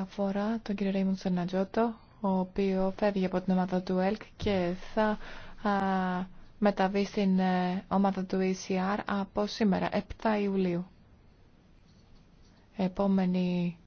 αφορά τον κύριο Ρίμουν Σερνατζότο, ο οποίο φεύγει από την ομάδα του ΕΛΚ και θα μεταβεί στην ε, ομάδα του ECR από σήμερα, 7 Ιουλίου. Επόμενη